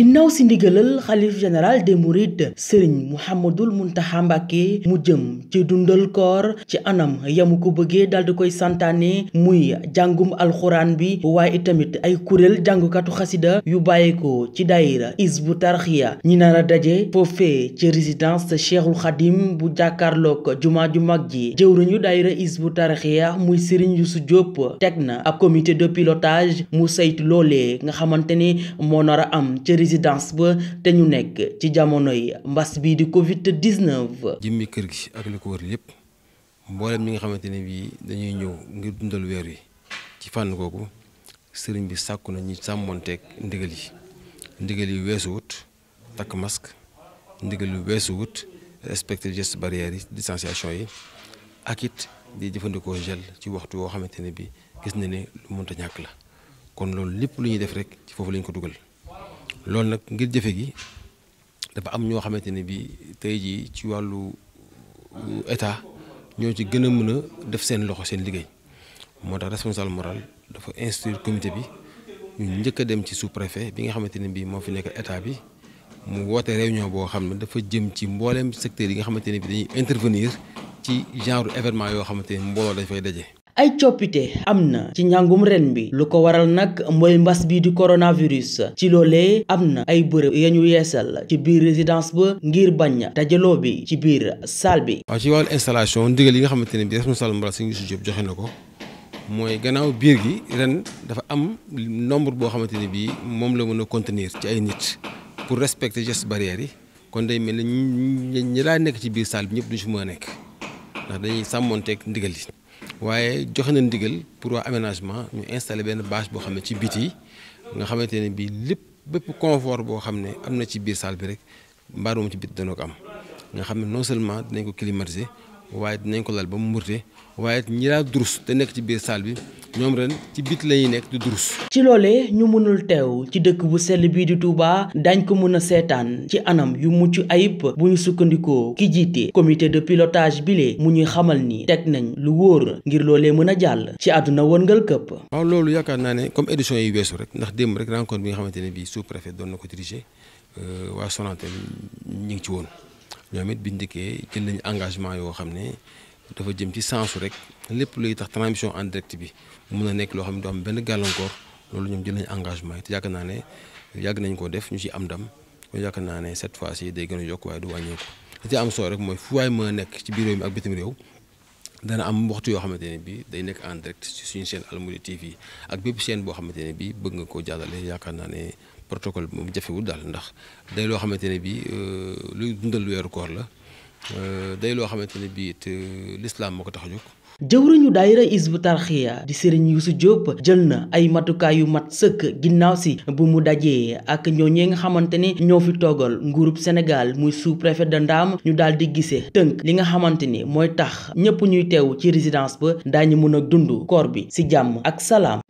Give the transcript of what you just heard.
ginnaaw si ndigalal xalif général des mourides sëriñ Mouhamadul Mountakha Mbacké mu jëm ci dundal koor ci anam yamu ko bëggee dal di koy santaane muy jàngum alxuraan bi waaye itamit ay kuréel jàngukatu xasida yu bàyyeekoo ci dayra daayira Hizbut Tarqiyyah ñi na a daje foofee ci résidence Cheikhul Khadim bu jàkkaarloog jumaa ju mag ji jëwriñu daayira Hizbut Tarqiyyah muy sëriñ su Diop teg na ab comité de pilotage mu saytu loolee nga xamante ne a am ci résidence ba te ñu nekk ci jamonoy mbas bii di Covid 19. jëmmi kër gi ak li ko wër yëpp mboolem ñi nga xamante ne bii dañuy ñëw ngir dundal weer wi ci fànn kooku sëriñ bi sàkku na ñu sàmmonteeg ndigal yi ndigal yi weesu wut takk masque ndigal yi weesu wut respecter gestes barrières yi distanciation yi ak it di jëfandikoo gel ci waxtu woo xamante ne bii gis na ni lu mënta ñàkk la kon loolu lépp lu ñuy def rek ci foofu lañ ko dugal. loolu nag ngir jëfe gi dafa am ñoo xamante ne bi tey jii ci wàllu état ñoo ci gën a mën a def seen loxo seen liggéey moo tax responsable moral dafa instruire comité bi ñu njëkk a dem ci sous-préfet bi nga xamante ne bii moo fi nekk état bi mu woote réunion boo xam ne dafa jëm ci mbooleem secteur yi nga xamante ne bi dañuy intervenir ci genre événement yoo xamante ne mbooloo dañ fay daje. ay coppite am na ci njàngum ren bi lu ko waral nag mooy mbas bi di coronavirus ci loolee am na ay bërëb ya ñu yeesal ci biir résidence ba ngir bañ dajaloo bi ci biir salle bi. waaw ci wàllu installation ndigal yi nga xamante ne bii responsable mbala si Youssou Diop joxe na ko mooy gannaaw biir gi ren dafa am nombre boo xamante ne bii moom la mën a contenir ci ay nit pour respecte gestes barrières yi kon dey mel ne ñi ñi daa nekk ci biir salle bi ñëpp du ci mën nekk ndax dañuy sàmmonteeg ndigal yi. waaye joxe na ndigal pour waa aménagement ñu installé benn bâche boo xam ne ci biti nga xamante ne bii lépp bépp confort boo xam ne am na ci biir saal bi rek mbaaru moom ci biti dana ko am nga xam ne non seulement dinañ ko climatiser waaye dinañ ko lal ba mu murte waaye ñi daa durus te nekk ci biir salle bi ñoom ren ci bit la ñuy nekk di durus. ci loole ñu mënul teew ci dëkk bu sell bii di Touba dañ ko mën a seetaan ci anam yu mucc ayib bu ñu sukkandikoo ki jiite comité de pilotage bile mu ñuy xamal ni teg nañ lu wóor ngir loolee mën a jàll ci àdduna wërngal këpp. waaw loolu yaakaar naa ne comme édition yi weesu rek ndax démb rek rencontre bi nga xamante ne bii sous préfet doon na ko diriger euh, waa Sonatel ñu ngi ci woon. ñoom it biñ dikkee jël nañu engagement yoo xam ne dafa jëm ci sensu rek lépp luy tax transmission en direct bi mun a nekk loo xam ne du am benn gàllankoor loolu ñoom jël nañu engagement yi te yàgg naa ne yàgg nañ ko def ñu ci am ndam kon yàgg naa ne cette fois ci day gën a yokk waaye du wàññeeku li ci am solo rek mooy foo waay mën a nekk ci biir réew mi ak bitim réew dana am waxtu yoo xamante ne bii day nekk en direct ci suñu chaîne Almouri TV ak bépp chaîne boo xamante ne bii bëgg nga koo jàllale yaakaar naa ne protocole bi moom jafewul daal ndax day loo xamante ne bii euh, lu dundal weeru koor la. Euh, day loo xamante ne bii it euh, lislaam moo ko tax a jóg. jëwriñu daayira isbu tarxiya di sëriñ Yuusu Jóob jël na ay matukaay yu mat sëkk ginnaaw si bu mu dajee ak ñooñee nga xamante ni ñoo fi toogal nguurub senegal muy suuf préfet de Ndaam ñu daal di gisee tënk li nga xamante ni mooy tax ñépp ñuy teew ci résidence ba daañu mën a dund koor bi ci jàmm ak salaam